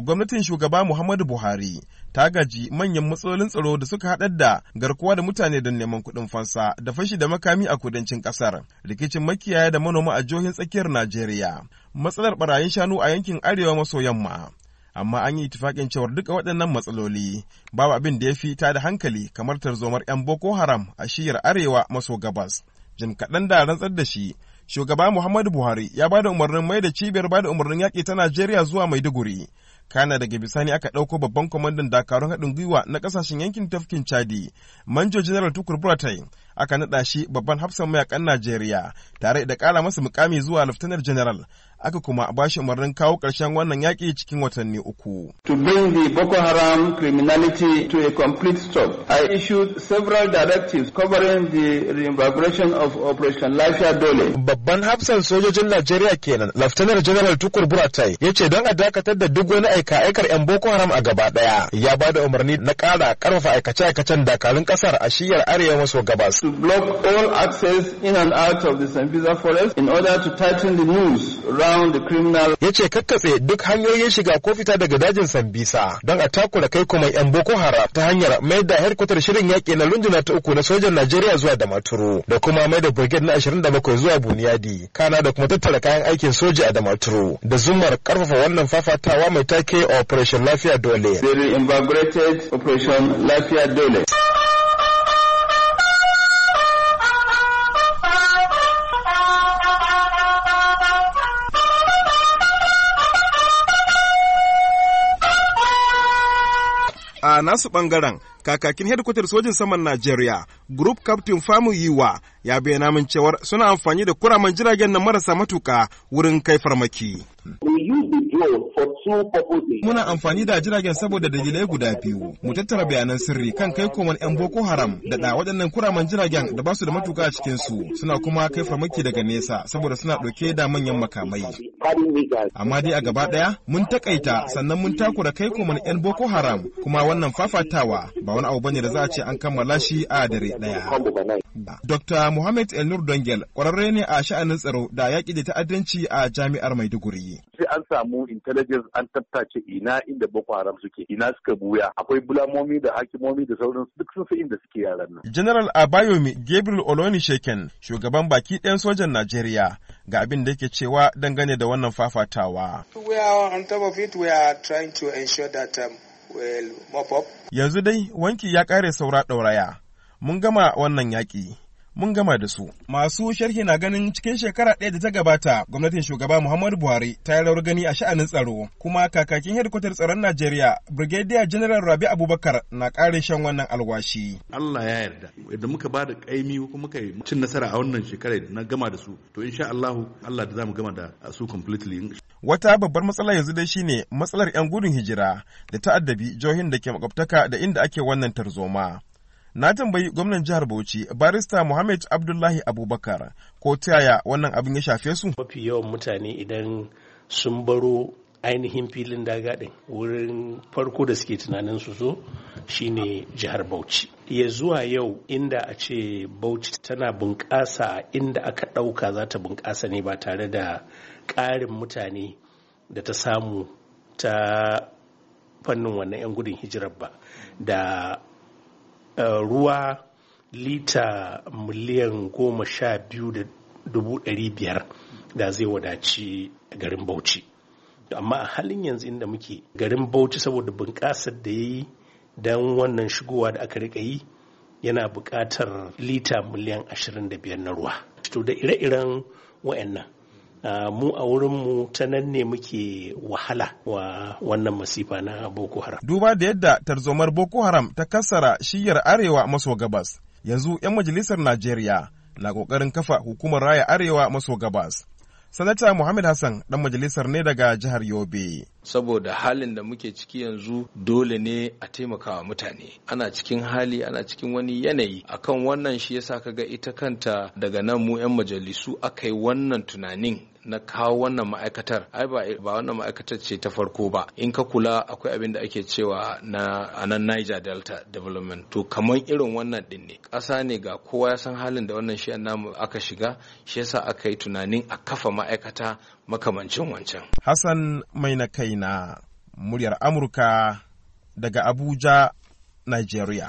gwamnatin shugaba Muhammadu Buhari ta gaji manyan matsalolin tsaro da suka haɗar da garkuwa da mutane don neman kuɗin fansa da fashi da makami a kudancin ƙasar, rikicin makiyaya da manoma a jihohin tsakiyar Najeriya, matsalar barayin shanu a yankin arewa maso yamma. Amma an yi itifaƙin cewar duka waɗannan matsaloli babu abin da ya fi ta da hankali kamar tarzomar 'yan Boko Haram a shiyar arewa maso gabas. Jim kaɗan da rantsar da shi shugaba Muhammadu Buhari ya ba da umarnin mai da cibiyar ba da umarnin yaƙi ta Najeriya zuwa Maiduguri kana daga bisani aka ɗauko babban kwamandan dakarun haɗin gwiwa na ƙasashen yankin tafkin chadi manjo general tukur buratai aka naɗa shi babban hafsan mayakan Najeriya tare da ƙara masa mukami zuwa Laftanar General aka kuma ba shi umarnin kawo ƙarshen wannan yaƙi cikin watanni uku. To bring the Boko Haram criminality to a complete stop, I issued several directives covering the reinvigoration of Operation Lafiya Dole. Babban hafsan sojojin Najeriya kenan, Laftanar General Tukur Buratai ya ce don a dakatar da duk wani aika aikar 'yan Boko Haram a gaba ɗaya. Ya ba da umarni na ƙara ƙarfafa aikace-aikacen dakarun ƙasar a shiyar arewa maso gabas. to block all access in and out of the Sambisa forest in order to tighten the noose around the criminal. Ya ce kakkatse duk hanyoyin shiga ko fita daga dajin Sambisa don a takura kai kuma 'yan Boko Haram ta hanyar mai da herkutar shirin yaƙi na lunduna ta uku na sojan Najeriya zuwa Damaturu da kuma mai da brigade na 27 zuwa Buniyadi kana da kuma tattara kayan aikin soja a Damaturu da zumar karfafa wannan fafatawa mai take Operation Lafiya Dole. Very inaugurated Operation Lafiya Dole. a nasu bangaren kakakin hedkwatar sojin saman Najeriya, Group Captain Famu Yiwa ya bayyana min cewar suna amfani da kuraman jiragen nan marasa matuka wurin kai farmaki. Muna amfani da jiragen saboda dalilai guda biyu. Mu tattara bayanan sirri kan kai koman 'yan Boko Haram da da waɗannan kuraman jiragen da ba su da matuƙa a cikin su suna kuma kai farmaki daga nesa saboda suna ɗauke da manyan makamai. Amma dai a gaba ɗaya mun takaita sannan mun takura kai koman 'yan Boko Haram kuma wannan fafatawa ba wani abu bane da za a ce an kammala shi a dare ɗaya. Dr. Muhammad El Nur Dongel ƙwararre ne a sha'anin tsaro da yaƙi da ta'addanci a jami'ar Maiduguri. sai an samu intelligence an tattace ina inda Boko Haram suke ina suka buya akwai bulamomi da hakimomi da sauran duk sun fi inda suke yaran nan. General Abayomi Gabriel Oloni Sheken shugaban baki ɗayan sojan Najeriya ga abin da yake cewa dangane da wannan fafatawa. Um, Yanzu dai wanki ya ƙare saura ɗauraya. Mun gama wannan yaƙi. mun gama da su. Masu sharhi na ganin cikin shekara ɗaya da ta gabata gwamnatin shugaba Muhammadu Buhari ta yi rawar gani a sha'anin tsaro kuma kakakin hedkwatar tsaron Najeriya Brigadier General Rabi Abubakar na ƙare shan wannan alwashi. Allah ya yarda yadda muka ba da ƙaimi kuma muka yi cin nasara a wannan shekara na gama da su to insha Allah Allah da zamu gama da su completely. Wata babbar matsala yanzu dai shine matsalar 'yan gudun hijira da ta'addabi jihohin da ke makwabtaka da inda ake wannan tarzoma. Na tambayi gwamnan jihar Bauchi barista Muhammad Abdullahi Abubakar ko ta yaya wannan abin ya shafe su? Mafi yawan mutane idan sun baro ainihin filin daga wurin farko da suke tunanin su zo shine jihar Bauchi. Ya zuwa yau inda a ce Bauchi tana bunƙasa inda aka ɗauka za ta bunƙasa ne ba tare da ƙarin mutane da ta samu ta fannin wannan 'yan gudun hijirar ba da Eh, ruwa lita miliyan goma sha biyu da dubu ɗari biyar da zai wadaci garin bauchi amma a halin yanzu inda muke garin bauchi saboda bunƙasar da ya yi don wannan shigowa da aka rika yi yana buƙatar lita miliyan ashirin da biyar na ruwa to da ire-iren wayannan Ah, mu a wurinmu ta nan ne muke wahala wa wannan masifa na Boko Haram. Duba da yadda tarzomar Boko Haram ta kassara shiyar arewa maso gabas, yanzu 'yan majalisar Najeriya na ƙoƙarin kafa hukumar raya arewa maso gabas. Sanata Muhammad Hassan ɗan majalisar ne daga jihar Yobe. saboda halin da muke ciki yanzu dole ne a taimakawa mutane ana cikin hali ana cikin wani yanayi akan wannan shi yasa ga ita kanta daga nan mu 'yan majalisu aka yi wannan tunanin na kawo wannan ma'aikatar ai ba wannan ma'aikatar ce ta farko ba in ka kula akwai abin da ake cewa na anan Niger Delta development to kaman irin wannan din ne ƙasa ne ga kowa ya san halin da wannan shi'an namu aka shiga shi yasa aka yi tunanin a kafa ma'aikata makamancin wancan Hassan mai na kai na muryar Amurka daga Abuja, Nigeria.